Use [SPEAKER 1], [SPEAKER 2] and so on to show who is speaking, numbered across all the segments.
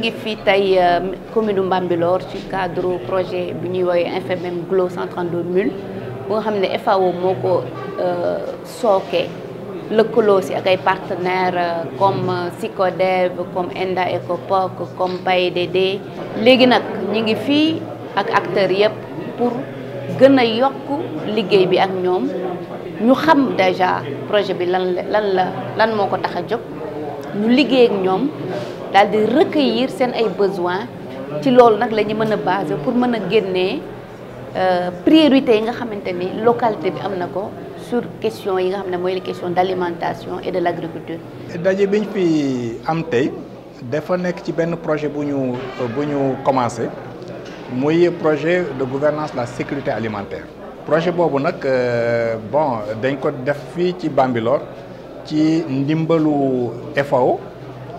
[SPEAKER 1] ñi ngi fi tey euh, commune Mbambilor ci cadre projet bi ñuy woowee FMM Glow 132 MUL bu nga xam ne FAO moo ko euh, sookee lëkkaloo si ak ay partenaires euh, comme SICODEV comme ENDA ECOPOC comme PAEDD léegi nag ñi ngi fii ak acteurs yëpp pour gën a yokk liggéey bi ak ñoom ñu xam déjà projet bi lan la lan la lan moo ko tax a jóg ñu liggéey ak ñoom dal di recueillir sen ay besoin ci loolu nak lañu mëna mën basé pour mëna a euh priorité nga xamanteni localité bi amna ko sur question yi nga xamné moy mooy les questions d'alimentation et de l'agriculture.
[SPEAKER 2] agriculture. daje biñ fi am tay dafa nek ci benn projet buñu buñu bu ñu commencé projet de gouvernance la sécurité alimentaire. projet nak euh, bon dañ ko def fi ci Bambilor ci ndimbalu FAO.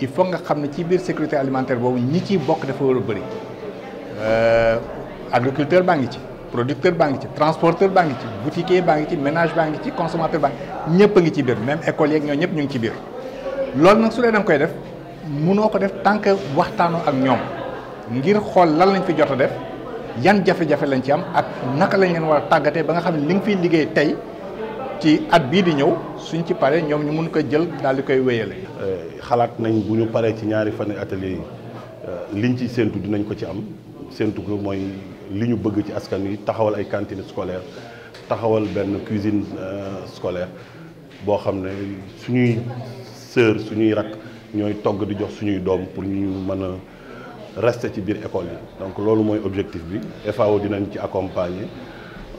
[SPEAKER 2] il faut nga xam ne ci biir sécurité alimentaire boobu ñi ci bokk dafa war a bëri euh, agriculteur baa ngi ci producteur baa ngi ci transporteur baa ngi ci boutiquier baa ngi ci ménage baa ngi ci consommateur baa ngi ci ñëpp a ngi ci biir même école yeeg ñoo ñëpp ñu ngi ci biir loolu nag su dee danga koy def mënoo ko def tant que waxtaanoo ak ñoom ngir xool lan lañ fi jot a def yan jafe-jafe lañ ci am ak naka lañ leen war a tàggatee ba nga xam ne li nga fiy liggéey tey ci at bii di ñëw suñ ci paree ñoom ñu mun ko jël daal di koy wéyale.
[SPEAKER 3] Eh, xalaat nañ bu ñu paree ci ñaari fan atelier yi eh, liñ ci séentu dinañ ko ci am séentu ko mooy li ñu bëgg ci askan wi taxawal ay cantines scolaires taxawal benn cuisine eh, scolaire boo xam ne suñuy sœur suñuy rakk ñooy togg di jox suñuy doom pour ñu mën a rester ci biir école yi donc loolu mooy objectif bi FAO dinañ ci accompagner.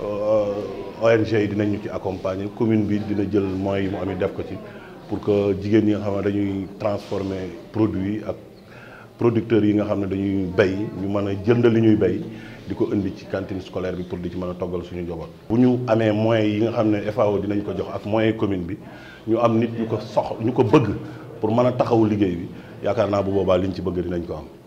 [SPEAKER 3] Euh, ONG yi dinañu ci accompagner commune bi dina jël moyens yi mu am def ko ci pour que jigéen ñi nga xam ne dañuy transformer produit ak producteurs yi nga xam ne dañuy bay ñu mën a jënd li ñuy bay di ko indi ci cantine scolaire bi pour di ci mën a toggal suñu njaboot. bu ñu amee moyens yi nga xam ne FAO dinañ ko jox ak moyens commune bi ñu am nit ñu ko sox ñu ko bëgg pour mën a taxawu liggéey bi yaakaar naa bu boobaa li ñu ci bëgg dinañ ko am.